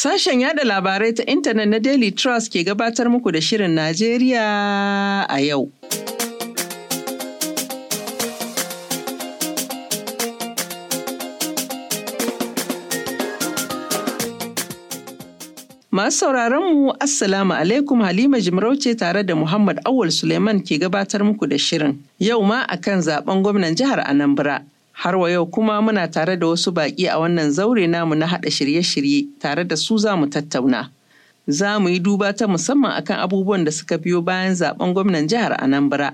Sashen yada labarai ta intanet na Daily Trust ke gabatar muku da Shirin Najeriya a yau. Masu sauraronmu Assalamu alaikum Halima Jimarauce tare da Muhammad Awul Suleiman ke gabatar muku da shirin. Yau ma akan zaben gwamnan jihar Anambra. Har wa yau kuma muna tare da wasu baƙi a wannan zaure namu na haɗa shirye-shirye tare da su za mu tattauna. Za mu yi duba ta musamman akan abubuwan da suka biyo bayan zaɓen gwamnan jihar Anambra.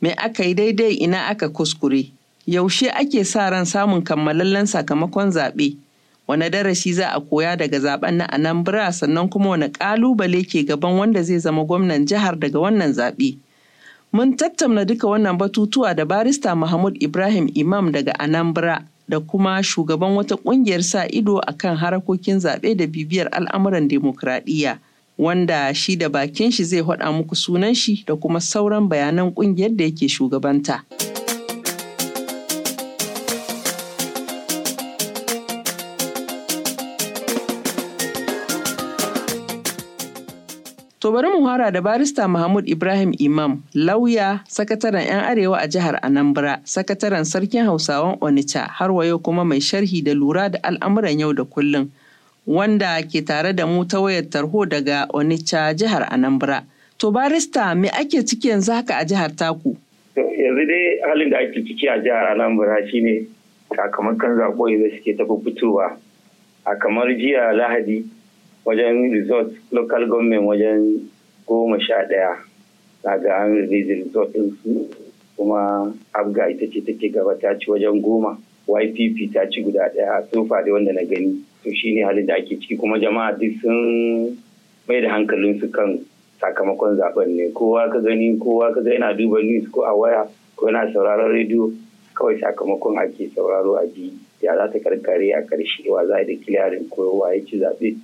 Me aka yi daidai ina aka kuskure? Yaushe ake sa ran samun kammalallen sakamakon zaɓe? Wane darasi za a koya daga zaɓen na Anambra sannan kuma wane ƙalubale ke gaban wanda zai zama gwamnan jihar daga wannan zaɓe? Mun tattauna duka wannan batutuwa da barista Mahmud Ibrahim Imam daga Anambra da kuma shugaban wata ƙungiyar sa ido a kan harakokin zaɓe da bibiyar al'amuran demokradiyya. wanda shi da bakin shi zai haɗa muku sunan shi da kuma sauran bayanan ƙungiyar da yake shugabanta. To bari mu hara da barista Mahmud Ibrahim Imam, lauya, sakataren 'yan Arewa a jihar Anambra, sakataren sarkin Hausawan Onitsha, har wayo kuma mai sharhi da lura da al'amuran yau da kullum, wanda ke tare da mu ta wayar tarho daga Onitsha jihar Anambra. To barista me ake ciki yanzu haka a jihar taku? Yanzu dai halin da ake ciki a jihar Anambra shine sakamakon zaɓo da suke ta fitowa. A kamar jiya Lahadi wajen resort local government wajen goma sha ɗaya daga an release resort su kuma abga ita ce take gaba ta ci wajen goma ypp ta ci guda ɗaya a tsofa da wanda na gani to shi ne halin da ake ciki kuma jama'a duk sun mai da su kan sakamakon zaben ne kowa ka gani kowa ka ga yana duba news ko a waya ko yana sauraron rediyo kawai sakamakon ake sauraro a ji ya za ta karkare a karshe wa za da kiliyarin ko wa ya ci zaɓe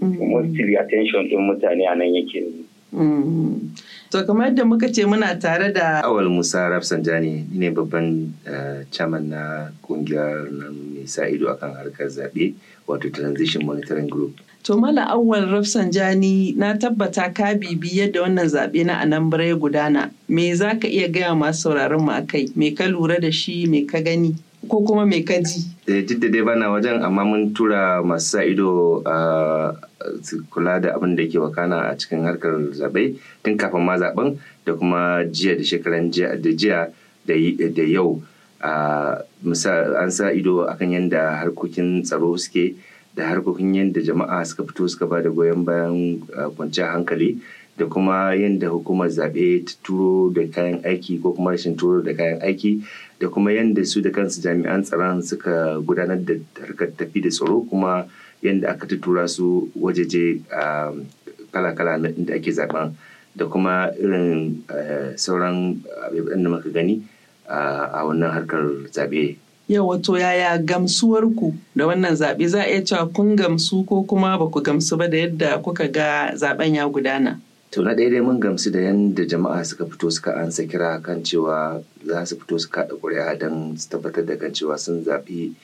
mostly attention ɗin mutane a nan yake mm-hmm. To kamar yadda muka ce muna tare da Awal Musa Rafsanjani ne babban eh, chairman na kungiyar nan mai sa ido akan harkar zaɓe wato Transition Monitoring Group. To Mala Awal Rafsanjani na tabbata ka bibi yadda wannan zaɓe na Anambra ya gudana. Me za ka iya gaya masu sauraron mu akai? Me ka lura da shi, me ka gani? ko kuma mai kaji. Eh, duk da dai bana wajen amma mun tura masu sa ido a kula da abin da ke wakana a cikin harkar zaɓe tun kafin ma zaɓen da kuma jiya da shekaran da jiya da yau an sa ido akan yadda harkokin tsaro suke da harkokin yadda jama'a suka fito suka ba da goyon bayan kwanciyar hankali da kuma yadda hukumar zaɓe ta turo da kayan aiki ko kuma rashin turo da kayan aiki da kuma yadda su da kansu jami'an tsaron suka gudanar da harkar tafi da tsaro kuma yadda aka tura su wajeje kala-kala na inda ake zaben da kuma irin sauran da muka gani a wannan harkar zaɓe. Yau wato yaya gamsuwarku da wannan zaɓe za a iya cewa kun gamsu ko kuma ba ku gamsu ba da yadda kuka ga zaben ya gudana? to na ɗaya dai mun gamsu da yadda jama'a suka fito suka ansa kira kan cewa za su fito su kaɗa ƙuri'a don su tabbatar da kan cewa sun zaɓi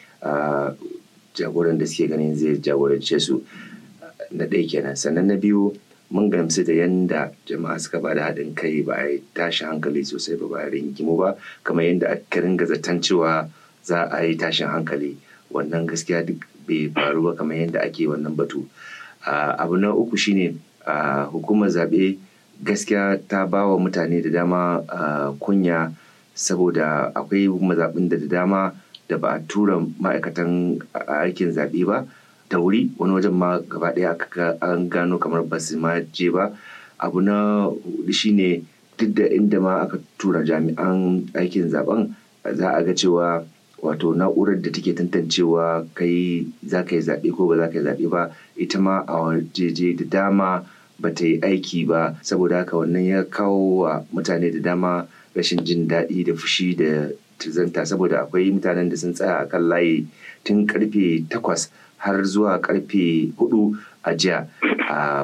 jagoran da suke ganin zai jagorance su na ɗaya kenan sannan na biyu mun gamsu da yadda jama'a suka ba da haɗin kai ba a tashi hankali sosai ba ba a ringimu ba kamar yadda aka ringa zaton cewa za a yi tashin hankali wannan gaskiya duk bai faru ba kamar yadda ake wannan batu abu na uku shine hukumar zaɓe gaskiya ta ba wa mutane da dama kunya saboda akwai mazaɓin da da dama da ba a tura ma'aikatan aikin zaɓe ba ta wuri wani wajen ma gaba ɗaya an gano kamar ba su ma je ba abu na shi ne duk da inda ma aka tura jami'an aikin zaɓen za a ga cewa wato na'urar da take tantancewa kai za ka yi zaɓe ko ba za ka yi zaɓe ba ita ma a wajeje da dama ba ta yi aiki ba saboda haka wannan ya kawo wa mutane da dama rashin jin daɗi da fushi da tuzanta saboda akwai mutanen da sun tsaya a kan layi tun karfe takwas har zuwa karfe hudu a jiya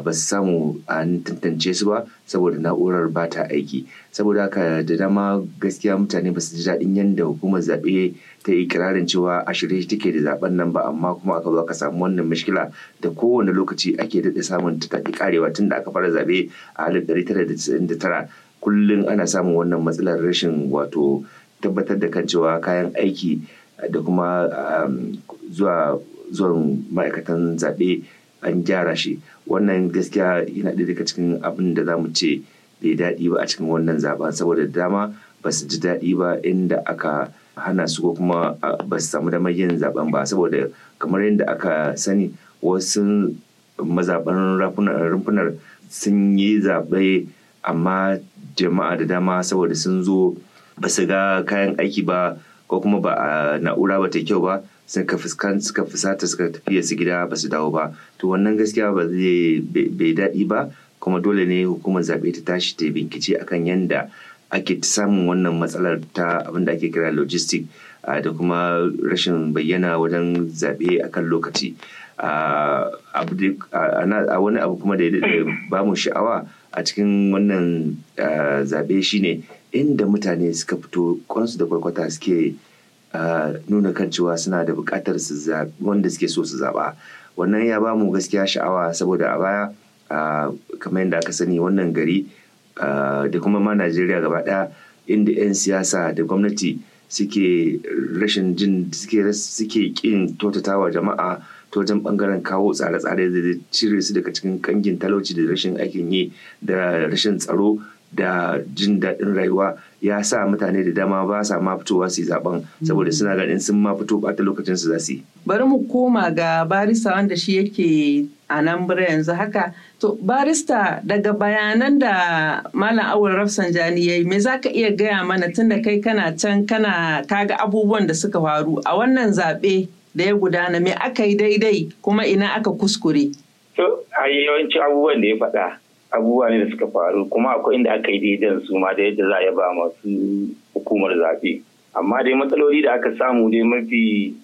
ba su samu an tantance su ba saboda na'urar ba ta aiki saboda haka da dama gaskiya mutane ba su ji daɗin yadda hukumar zaɓe ta yi kirarin cewa a shirye take da zaben nan ba amma kuma aka zo aka samu wannan mashkila da kowane lokaci ake daɗa samun ta taɗi karewa tun da aka fara zaɓe a alif ɗari tara da casa'in da tara kullum ana samun wannan matsalar rashin wato tabbatar da kan cewa kayan aiki da kuma um, zuwa zuwan ma'aikatan zaɓe an gyara shi wannan gaskiya yana ɗaya daga cikin abin da za mu ce bai daɗi ba a cikin wannan zaben saboda dama ba su ji daɗi ba inda aka hana su ko kuma ba su samu damar yin zaben ba saboda kamar yadda aka sani wasu mazaɓan rumfunar sun yi zaɓe amma jama'a da dama saboda sun zo ba su ga kayan aiki ba ko kuma ba a na'ura ba ta kyau ba suka fuskanta suka fusata suka tafiya su gida ba su dawo ba to wannan gaskiya ba zai bai daɗi ba kuma dole ne hukumar zaɓe ta tashi ta binkici akan yanda ake samun wannan matsalar ta abin da ake kira logistic da kuma rashin bayyana wajen zaɓe akan lokaci a wani abu kuma da ba mu sha'awa a cikin wannan zaɓe shine inda mutane suka fito kwansu da kwarkwata suke nuna kan cewa suna da buƙatar su wanda suke so su zaɓa wannan ya ba mu gaskiya sha'awa saboda a baya kamar yadda aka sani wannan gari da kuma ma najeriya gaba ɗaya inda 'yan siyasa da gwamnati suke rashin jin suke ƙin totatawa jama'a ta wajen ɓangaren kawo tsare-tsare da cire su daga cikin kangin talauci da rashin aikin yi da rashin tsaro da jin daɗin rayuwa ya sa mutane da dama ba sa ma fitowa su yi zaben saboda suna mm. ganin sun ma fito ɓata lokacin su za su yi. Bari mu koma ga barista wanda shi yake a nan yanzu haka. To barista daga bayanan da Malam Awul Rafsanjani ya yi me za ka iya gaya mana tun da kai kana can kana ka ga abubuwan da suka faru a wannan zaɓe da ya gudana me aka yi daidai kuma ina aka kuskure. To a yawanci abubuwan da ya faɗa abubuwa ne da suka faru kuma akwai inda aka yi daidan su ma da yadda za a ba masu hukumar zaɓe amma dai matsaloli da aka samu dai mafi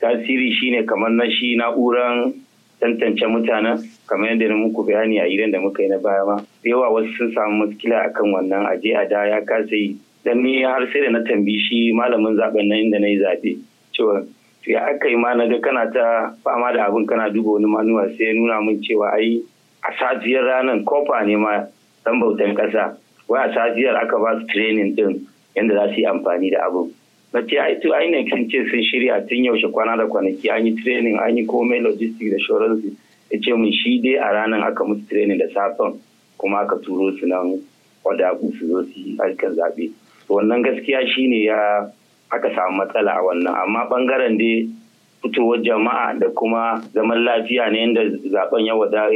tasiri shine kamar na shi na'uran tantance mutanen kamar yadda na muku bayani a gidan da muka yi na baya ma yawa wasu sun samu maskila akan wannan aje a da ya kasa yi dan ni har sai da na tambi shi malamin zaben nan inda na yi zaɓe cewa ya aka yi ma na ga kana ta fama da abin kana duba wani manuwa sai ya nuna min cewa ai a safiyar ranar kofa ne ma dan bautan ƙasa wai a safiyar aka ba su training din yadda za su yi amfani da abu na ce ai to ai sun ce sun shirya tun yaushe kwana da kwanaki an yi training an yi komai logistics da shoransu ya ce mun shi dai a ranar aka musu training da safen kuma aka turo su nan wadaku su zo su yi aikin zaɓe wannan gaskiya shine ya aka samu matsala a wannan amma bangaren dai fitowar jama'a da kuma zaman lafiya ne yadda zaben ya wada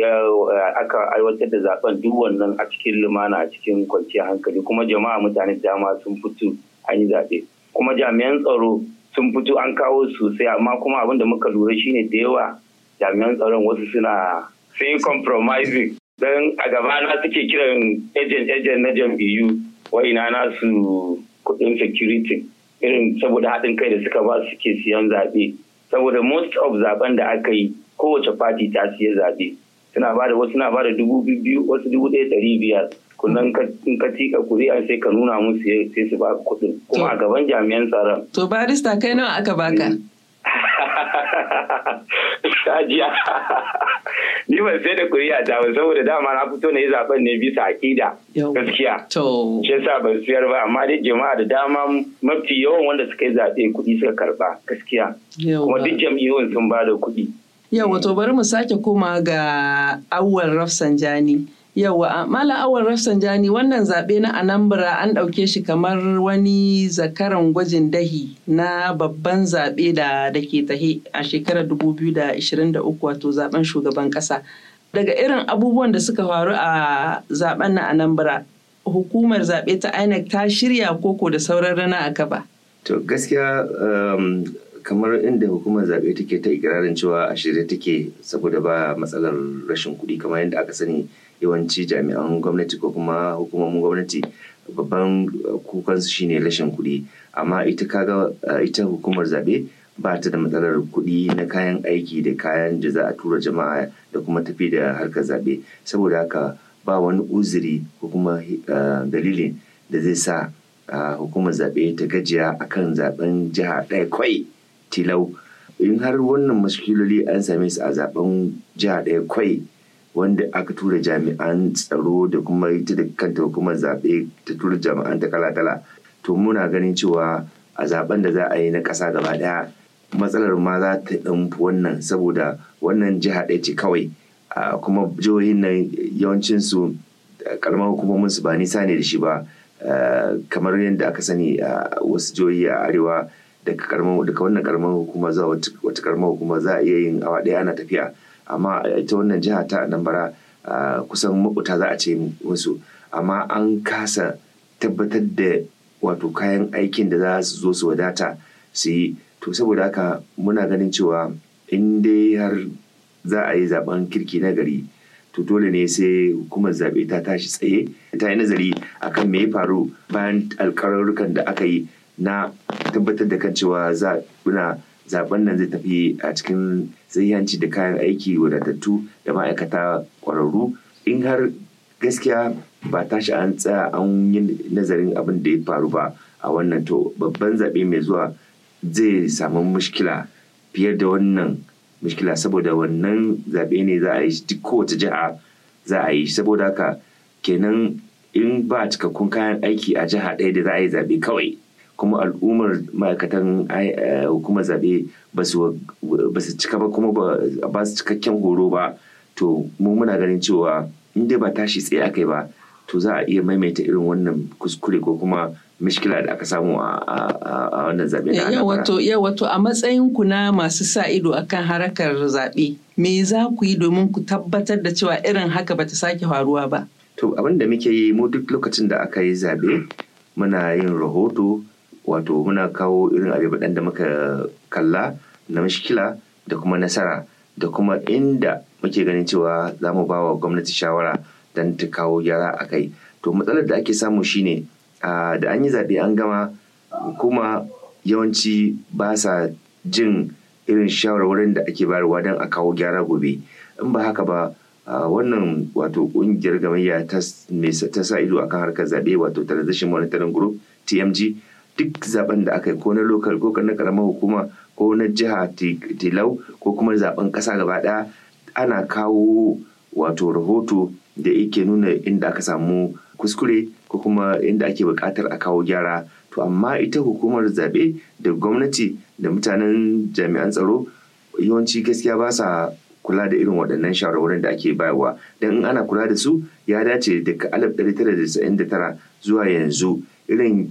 aka aiwatar da zaben duk wannan a cikin lumana a cikin kwanciyar hankali kuma jama'a mutane dama sun fito an yi zaɓe kuma jami'an tsaro sun fito an kawo sosai amma kuma abin da muka lura shine da yawa jami'an tsaron wasu suna sai compromising don a gabana suke kiran agent agent na jam'iyyu wa'ina nasu kuɗin security irin saboda haɗin kai da suka ba suke siyan zaɓe saboda most of zaben da aka yi kowace fati ta siya zaɓe suna ba da wasu na ba da dubu biyu wasu dubu ɗaya ɗari biyar kullum in ka tika kuri'a sai ka nuna musu sai su ba kuɗin kuma a gaban jami'an tsaron. to barista kai nawa aka baka. Kajiya. ni ban sai da kuri'a ta ba saboda dama na fito na yi zaben ne bisa akida gaskiya to shi yasa ban siyar ba amma dai jama'a da dama mafi yawan wanda suka yi zaɓe kuɗi suka karɓa gaskiya kuma duk jam'iyyun sun ba da kuɗi yawa to bari mu sake koma ga awwal rafsanjani yawwa Mala Awal Rafsanjani wannan zaɓe na Anambra an ɗauke shi kamar wani zakaran gwajin dahi na babban zaɓe da da ke tahe a shekarar 2023 wato zaben shugaban ƙasa. Daga irin abubuwan da suka faru a zaben na Anambra, hukumar zaɓe ta INEC ta shirya koko da sauran rana a gaba. To gaskiya um, kamar inda hukumar zaɓe take ta ikirarin cewa a shirye take saboda ba matsalar rashin kuɗi kamar yadda aka sani yawanci jami'an gwamnati ko kuma hukumomin gwamnati babban eh, kukansu shine rashin kuɗi amma ita kaga eh, ita hukumar zaɓe ba ta da matsalar kuɗi na kayan aiki da kayan da za a tura jama'a da kuma tafi da harkar zaɓe saboda haka ba wani uzuri ko kuma eh, dalilin da zai sa hukumar zaɓe ta gajiya akan zaɓen jiha ɗaya kwai tilau in har wannan mashkiloli an same su a zaɓen jiha ɗaya kwai wanda aka tura jami'an tsaro da kuma ita da kanta hukumar zaɓe ta tura jami'an ta kala-kala to muna ganin cewa a zaben da za a yi na ƙasa gaba ɗaya matsalar ma za ta ɗanfi wannan saboda wannan jiha ɗaya ce kawai kuma jihohin nan yawancinsu karamar hukumomin su ba nisa ne da shi ba kamar yadda aka sani a wasu jihohi a arewa daga wannan karamar hukuma wata karamar hukuma za a iya yin awa ɗaya ana tafiya amma ita wannan jiha ta anambra kusan makuta za a ce wasu amma an kasa tabbatar da wato kayan aikin da za su zo su wadata su yi to saboda haka muna ganin cewa in dai har za a yi zaben kirki na gari to dole ne sai hukumar zaɓe ta tashi tsaye ta yi nazari akan me ya faru bayan alkararrukan da aka yi na tabbatar da kan cewa za a zaben nan zai tafi a cikin sahihanci da kayan aiki wadatattu da ma'aikata ƙwararru in har gaskiya ba tashi an tsaya an yi nazarin abin da ya faru ba a wannan to babban zaɓe mai zuwa zai samu mushkila fiye da wannan mushkila saboda wannan zaɓe ne za a yi duk kowace jiha za a yi saboda haka kenan in ba cikakkun kayan aiki a jiha ɗaya da za a yi zaɓe kawai kuma al'ummar ma'aikatan eh, hukumar zaɓe ba su cika ba kuma ba su cikakken horo ba to mu muna ganin cewa inda ba tashi tsaye aka yi ba to za a iya maimaita irin wannan kuskure ko kuma mishkila da aka samu a wannan zaɓe na ya wato ya wato a matsayin ku na masu sa ido akan harakar zaɓe me za ku yi domin ku tabbatar da cewa irin haka bata sake faruwa ba to abin da muke yi mu duk lokacin da aka yi zaɓe muna yin rahoto wato muna kawo irin ɗan da muka kalla na mashikila da kuma nasara da kuma inda muke ganin cewa za mu ba wa gwamnati shawara don ta kawo gyara a kai to matsalar da ake samu shine da an yi zaɓe an gama kuma yawanci ba sa jin irin shawarwarin da ake bayarwa don a kawo gyara gobe in ba haka ba wannan wato ƙungiyar gamayya ta sa ido akan harkar zaɓe wato transition monitoring group tmg duk zaben da aka yi ko na lokal ko na karamar hukuma ko na jiha tilau ko kuma zaben kasa gaba ɗaya ana kawo wato rahoto da yake nuna inda aka samu kuskure ko kuma inda ake bukatar a kawo gyara to amma ita hukumar zabe da gwamnati da mutanen jami'an tsaro yawanci gaskiya ba sa kula da irin waɗannan shawarwarin da ake bayarwa don in ana kula da su ya dace daga 1999 zuwa yanzu irin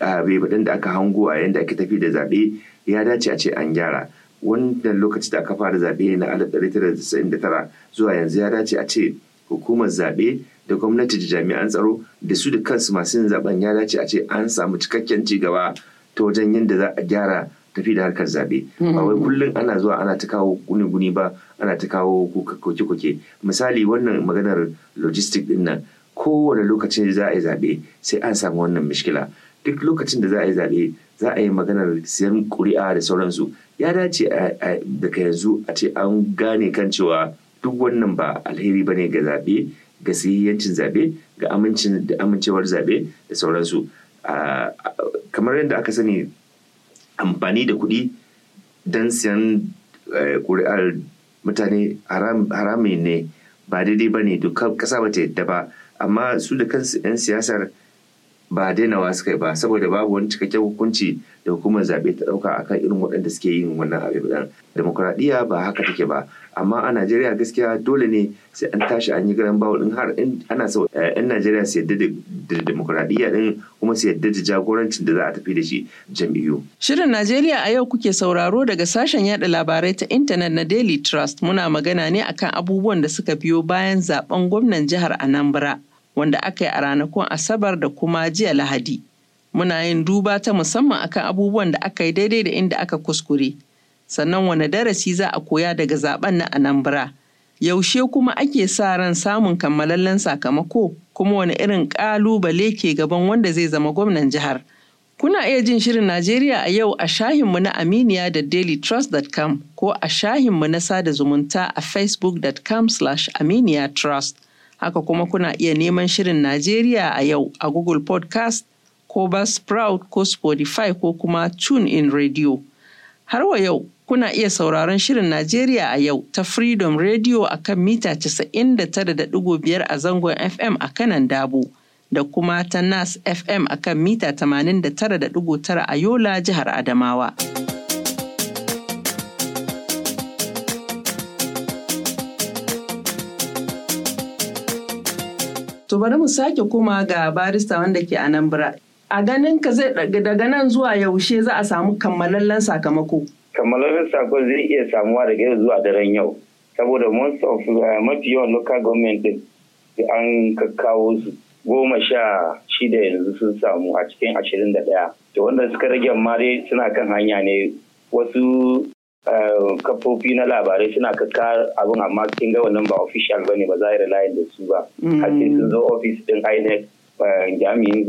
baɗin da aka hango a yadda ake tafi da zaɓe ya dace a ce an gyara wannan lokacin da aka fara zaɓe na tara zuwa yanzu ya dace a ce hukumar zaɓe da gwamnati da jami'an tsaro da su da kansu masu yin zaɓen ya dace a ce an samu cikakken ci gaba ta wajen yadda za a gyara tafi da harkar zaɓe ba wai mm-hmm. kullum ana zuwa ana ta kawo guni-guni ba ana ta kawo koke-koke misali wannan maganar logistic ɗin nan kowane lokacin za a yi zaɓe sai an samu wannan mishkila duk lokacin da za a yi zaɓe za a yi maganar siyan ƙuri'a da sauransu ya dace daga yanzu a ce an gane kan cewa duk wannan ba alheri ba ne ga zaɓe ga siyayyancin zaɓe ga amincewar zaɓe da sauransu kamar yadda aka sani amfani da kuɗi don siyan eh, ƙuri'ar mutane haramun ne ba daidai ba ne duk ƙasa ba ta yadda ba amma su da kansu 'yan siyasar ba dainawa suka yi ba saboda babu wani cikakken hukunci da hukumar zaɓe ta ɗauka akan irin waɗanda suke yin wannan abin ɗan demokuraɗiyya ba haka take ba amma a najeriya gaskiya dole ne sai an tashi an yi garan bawo ɗin har ana so yan eh, najeriya su yadda da demokuraɗiyya ɗin kuma su yadda da jagorancin da za a tafi da shi jam'iyyu. shirin najeriya a yau kuke sauraro daga sashen yada labarai ta intanet na daily trust muna magana ne akan abubuwan da suka biyo bayan zaben gwamnan jihar anambra. wanda aka yi a ranakun Asabar da kuma jiya Lahadi. Muna yin duba ta musamman akan abubuwan da aka yi daidai da inda aka kuskure. Sannan wane darasi za a koya daga zaben na Anambra. Yaushe kuma ake sa ran samun kammalallen sakamako kuma wani irin ƙalubale ke gaban wanda zai zama gwamnan jihar. Kuna iya jin shirin Najeriya a yau a shahinmu na Aminiya da dailytrust.com ko a shahinmu na sada zumunta a facebookcom aminiyatrust trust. Haka kuma kuna iya neman Shirin Najeriya a yau a Google Podcast ko Buzzsprout ko Spotify ko kuma in Radio. Har wa yau kuna iya sauraron Shirin Najeriya a yau ta Freedom Radio a kan mita 99.5 a zangon FM a kanan Dabo. da kuma ta Nas FM a kan mita 89.9 a Yola jihar Adamawa. To bari mu sake koma ga barista wanda ke a nan bira. A ganin ka zai daga nan zuwa yaushe za a samu kammalallen sakamako. Kammalallen sakamako zai iya samuwa daga yau zuwa daren yau. Saboda most of eh, mafi yawan local government din an kakkawo su goma sha shida yanzu sun samu a cikin ashirin da ɗaya. To wanda suka rage ma dai suna kan hanya ne wasu Eh, kafofi na labarai suna kaka abin amma kin ga wannan ba official ba ne ba za a yi da su ba mm. har sun zo office din INEC eh, jami'in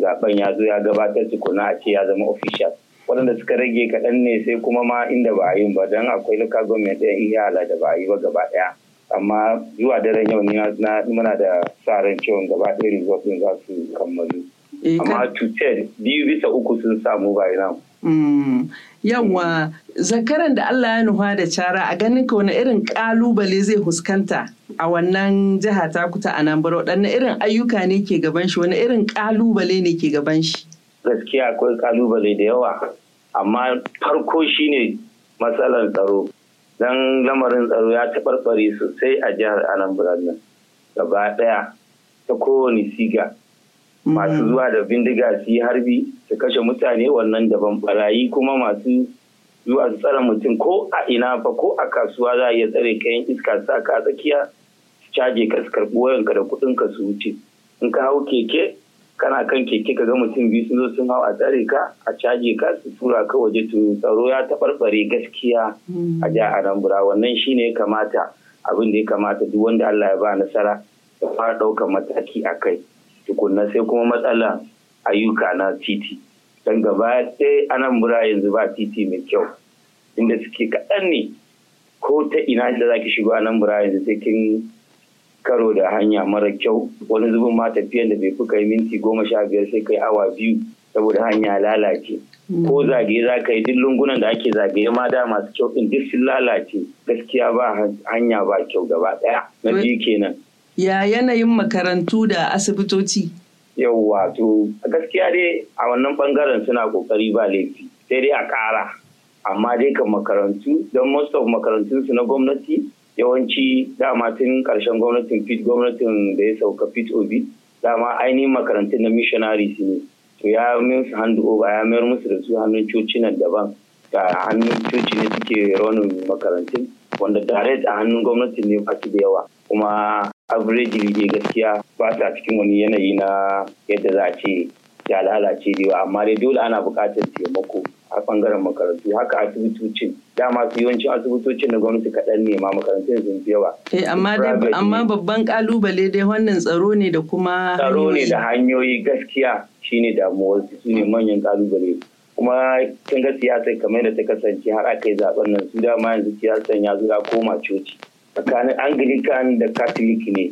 zaben ya zo ya gabatar su tukuna a ce ya zama official waɗanda suka rage kaɗan ne sai kuma ma inda ba a yi ba don akwai local government iya ala da ba a yi ba gaba ɗaya amma zuwa daren yau ne na muna da sa ran cewa gaba ɗaya result za su kammalu eh, amma cutar biyu bisa uku sun samu by now Mm. Yawwa zakaran da Allah ya nufa da cara a ganin ka wani irin ƙalubale zai huskanta a wannan jiha ta kuta a nan waɗanne irin ayyuka ne ke gaban shi wani irin ƙalubale ne ke gaban shi. Gaskiya akwai ƙalubale da yawa amma farko shi ne matsalar tsaro don lamarin tsaro ya taɓarɓare sosai a jihar Anambra nan gaba ɗaya ta kowane siga mm. masu zuwa da bindiga su yi harbi su kashe mutane wannan daban barayi kuma masu zuwa su tsare mutum ko a ina fa ko a kasuwa za a iya tsare kayan iska su ka a tsakiya su caje ka su karɓi wayanka da kuɗin ka su wuce in ka hau keke kana kan keke ka ga mutum biyu sun zo sun hau a tsare ka a caje ka su tura ka waje to tsaro ya taɓarɓare gaskiya a hmm. jihar Anambra wannan shine ya kamata abin da ya kamata duk wanda Allah ya ba nasara ya fara ɗaukar mataki a kai tukunna sai kuma matsala ayyuka na titi don gaba sai anan bura yanzu ba titi mai kyau inda suke kaɗan ne ko ta ina da za ki shigo anan bura yanzu sai kin karo da hanya mara kyau wani zubin ma tafiyan da bai fi kai minti goma sha biyar sai kai awa biyu saboda hanya lalace mm. ko zage za ka yi duk lungunan da ake zage ma da masu kyau in duk sun lalace gaskiya ba hanya ba kyau gaba ɗaya na biyu kenan ya yanayin makarantu da asibitoci yauwa to gaskiya dai a wannan bangaren suna kokari ba laifi sai dai a ƙara amma dai kan makarantu don most of makarantunsu na gwamnati yawanci dama tun karshen gwamnatin fit gwamnatin da ya sauka fit obi dama ainihin makarantun na missionaries ne to ya min su hand over ya mayar musu da su hannun cocinan daban da hannun coci ne suke raunin makarantun wanda direct a hannun gwamnatin ne fasu da yawa kuma average dai gaskiya ba ta cikin wani yanayi na yadda za a ce ya lalace da amma dai dole ana buƙatar taimako a ɓangaren makarantu haka asibitocin dama su yawancin asibitocin na gwamnati kaɗan ne ma makarantun sun fi yawa. Eh, amma babban kalubale dai wannan tsaro ne da kuma tsaro ne da hanyoyi gaskiya shine damuwar su ne manyan ƙalubale kuma kin ga siyasa kamar yadda ta kasance har aka yi zaben nan su dama yanzu siyasan ya zo ya koma coci tsakanin anglican da catholic ne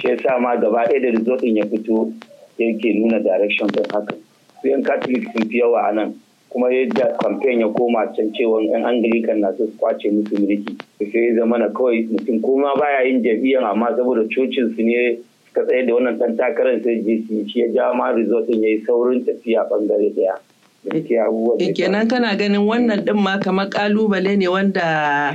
shi yasa ma gaba ɗaya da result ya fito yake nuna direction ɗin haka su yan catholic sun fi yawa a nan kuma yadda campaign ya koma can cewa yan anglican na su kwace musu mulki sai ya zama na kawai mutum koma baya yin jam'iyyar amma saboda cocin su ne suka tsaye da wannan ɗan takarar sai je shi ya ja ma rizotin ɗin ya yi saurin tafiya ɓangare ɗaya kenan kana ganin wannan din ma kamar kalubale ne wanda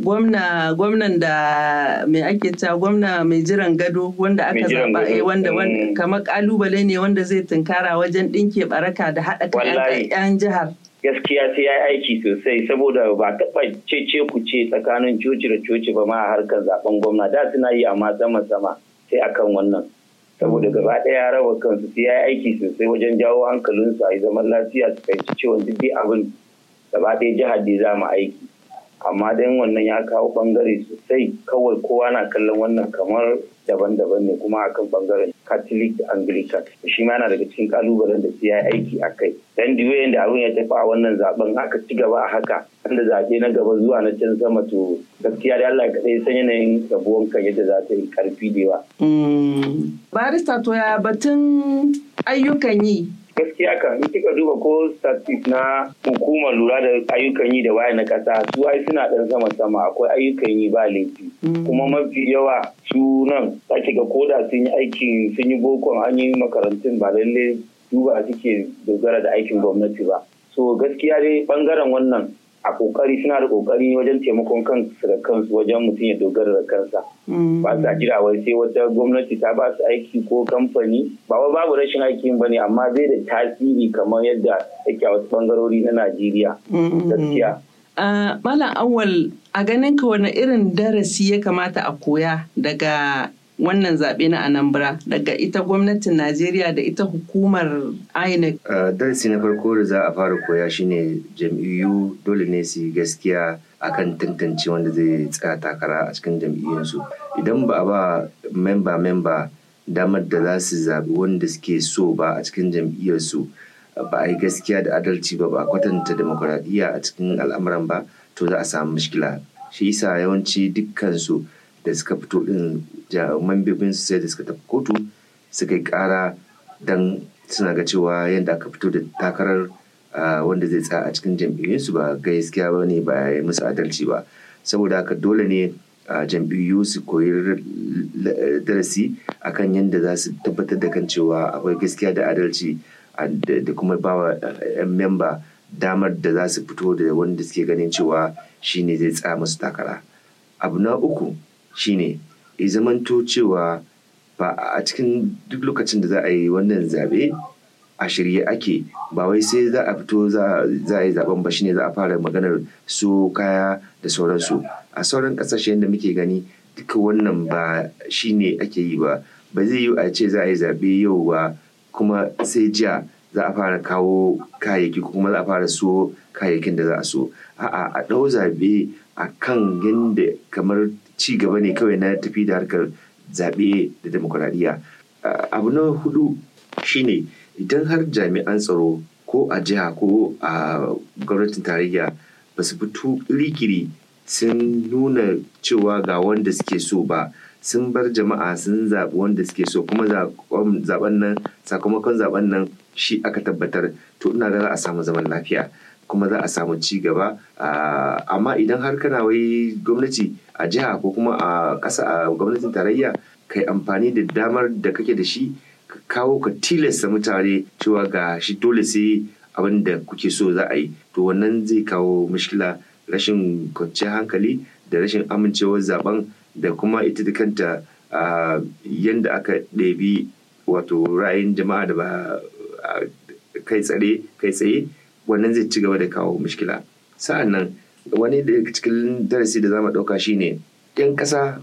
gwamna gwamnan da mai ake ta gwamna mai jiran gado wanda aka zaba eh, wanda mm. kamar kalubale ne wanda zai tunkara wajen dinke baraka da haɗa kan jihar gaskiya sai ya aiki sosai saboda ba taɓa cece ku ce tsakanin coci da coci ba ma a harkar zaben gwamna da suna yi amma sama sama sai akan wannan saboda gaba ɗaya raba kansu sai ya yi aiki sosai wajen jawo hankalinsu a yi zaman lafiya su fahimci cewa duk dai abin gaba ɗaya jihar dai za mu aiki amma dan wannan ya kawo bangare sosai kawai kowa na kallon wannan kamar daban-daban ne kuma akan bangaren catholic da anglican shi ma yana daga cikin kalubalen da su ya yi aiki a kai dan diwe da abin ya tafi a wannan zaben aka ci gaba a haka da zaɓe na gaba zuwa na can sama to gaskiya da Allah kaɗai san yanayin rabuwan kan yadda za ta yi karfi da yawa. Mm. Barista to ya batun ayyukan yi gaskiya kan in kika duba ko statistics na hukumar lura da ayyukan yi da waye na kasa su ai suna dan sama sama akwai ayyukan yi ba laifi mm. kuma mafi yawa su nan sake ga koda sun yi aiki sun yi bokon an yi makarantun ba lalle duba suke dogara da aikin gwamnati ba so gaskiya dai bangaren wannan a kokari suna da kokari wajen taimakon kansu da kansu wajen mutum ya dogara da kansa mm. ba sa jira wai sai wata gwamnati ta ba su aiki ko kamfani ba wai babu rashin aikin bane amma zai da tasiri kamar yadda yake a wasu bangarori na Najeriya gaskiya uh, Malam Awal a ganin ka wani irin darasi ya kamata a koya daga wannan zaɓe na anambra daga ita gwamnatin najeriya da ita hukumar inec darasi na farko da za a fara koya shine jam'iyyu dole ne su yi gaskiya akan tantance wanda zai tsaya takara a cikin jam'iyyunsu idan ba a ba memba memba damar da za su zaɓi wanda suke so ba a cikin jam'iyyarsu ba a yi gaskiya da adalci ba ba a kwatanta demokuraɗiyya a cikin al'amuran ba to za a samu mishkila shi yasa yawanci dukkansu da suka fito din mambobin su sai da suka tafi kotu suka yi kara don suna ga cewa yadda aka fito da takarar wanda zai tsaya a cikin jam'iyyunsu ba gaskiya ba ne ba ya musu adalci ba saboda haka dole ne jam'iyyu su koyi darasi akan yadda za su tabbatar da kan cewa akwai gaskiya da adalci da kuma bawa 'yan memba damar da za su fito da wanda suke ganin cewa shine zai tsaya musu takara abu na uku shine ya zamanto cewa ba a cikin duk lokacin da za a yi wannan zaɓe a shirye ake ba wai sai za a fito za a yi zaben ba shine za a fara maganar su kaya da sauransu a sauran ƙasashen da muke gani duka wannan ba shine ake yi ba ba zai yi a ce za a yi zaɓe yau ba kuma sai jiya za a fara kawo kayayyaki kuma za a fara so kayayyakin da za a so a'a a ɗau zaɓe a kan yadda kamar ci gaba ne kawai na tafi da harkar zaɓe da demokuraɗiyya ah, abu na hudu shine idan har jami'an tsaro ko a jiha ko a gwamnatin tarayya ba su fito kirikiri sun nuna cewa ga wanda suke so ba sun bar jama'a sun zaɓi wanda suke so kuma zaɓen nan sakamakon zaben nan shi aka tabbatar to ina ga za a samu zaman lafiya kuma za a samu ci gaba ah, amma idan har kana wai gwamnati a jiha ko kuma a ƙasa a gwamnatin tarayya ka yi amfani da damar da kake da shi ka kawo ka tilasta mutane cewa ga shi dole sai abin da kuke so za a yi to wannan zai kawo mushkila rashin kwanciyar hankali da rashin amincewar zaben da kuma ita da kanta yadda aka ɗabi wato ra'ayin jama'a da ba kai tsare kai tsaye wannan zai ci gaba da kawo mushkila sa'an nan wani daga cikin darasi da mu ɗauka shine yan ƙasa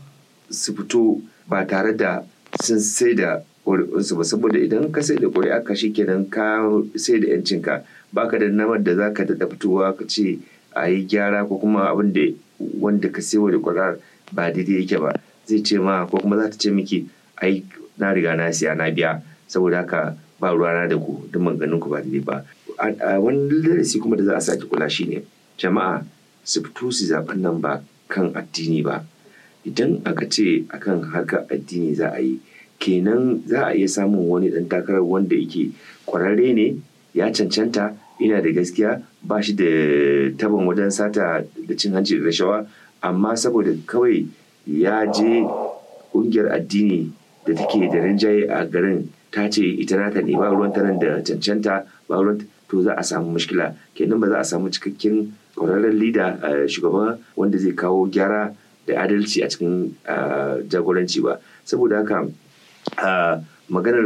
su fito ba tare da sun sai da ƙuri'unsu ba saboda idan ka sai da ƙuri'a ka shi kenan ka sai da yancinka ka da namar da za ka daɗa fitowa ka ce a yi gyara ko kuma abin da wanda ka sai da ƙuri'ar ba daidai yake ba zai ce ma ko kuma za ta ce miki ai na riga na siya na biya saboda haka ba ruwana da ku duk maganin ku ba daidai ba wani darasi kuma da za a sake kula shine jama'a su fito zaɓen nan ba kan addini ba idan aka ce akan haka addini za a yi kenan za a iya samun wani ɗan takarar wanda yake kwararre ne ya cancanta ina da gaskiya ba shi da taban wajen sata da cin hanci da rashawa amma saboda kawai ya je ƙungiyar addini da take da rinjaye a garin ta ce ita na ne ba ruwan tanan da cancanta ba ruwan to za a samu mashkila kenan ba za a samu cikakken ƙwararren lida a eh, shugaban wanda zai kawo gyara da adalci a cikin eh, jagoranci ba saboda haka eh, maganar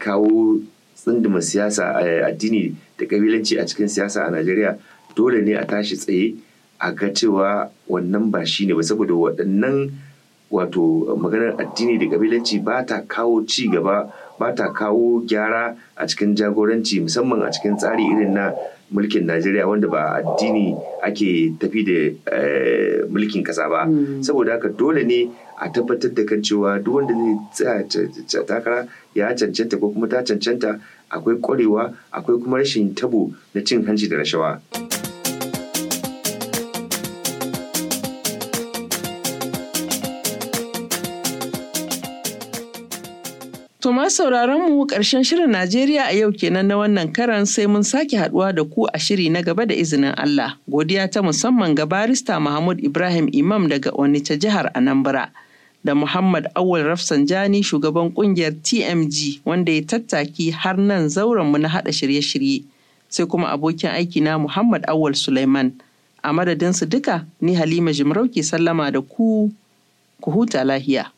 kawo tsindima siyasa addini da kabilanci a cikin siyasa a najeriya dole ne a tashi tsaye a ga cewa wannan ba shi ne ba saboda waɗannan wato maganar addini da kabilanci ba ta kawo ci gaba ba ta kawo gyara a cikin jagoranci musamman a cikin tsari irin na mulkin najeriya wanda ba addini ake tafi da eh, mulkin kasa ba hmm. saboda haka dole ne a tabbatar da kan cewa duk wanda zai tsaya takara ya cancanta ko kuma ta cancanta akwai kwarewa akwai kuma rashin tabo na cin hanci da rashawa. To ma sauraron mu ƙarshen shirin Najeriya a yau kenan na wannan karan sai mun sake haduwa da ku a shiri na gaba da izinin Allah. Godiya ta musamman ga barista Mahmud Ibrahim Imam daga Onitsha jihar Anambra da Muhammad Awul Rafsanjani shugaban kungiyar TMG wanda ya tattaki har nan zauren mu na hada shirye-shirye. Sai kuma abokin aiki na Muhammad Awul Sulaiman. A madadinsu duka ni Halima Jimarau sallama da ku ku huta lahiya.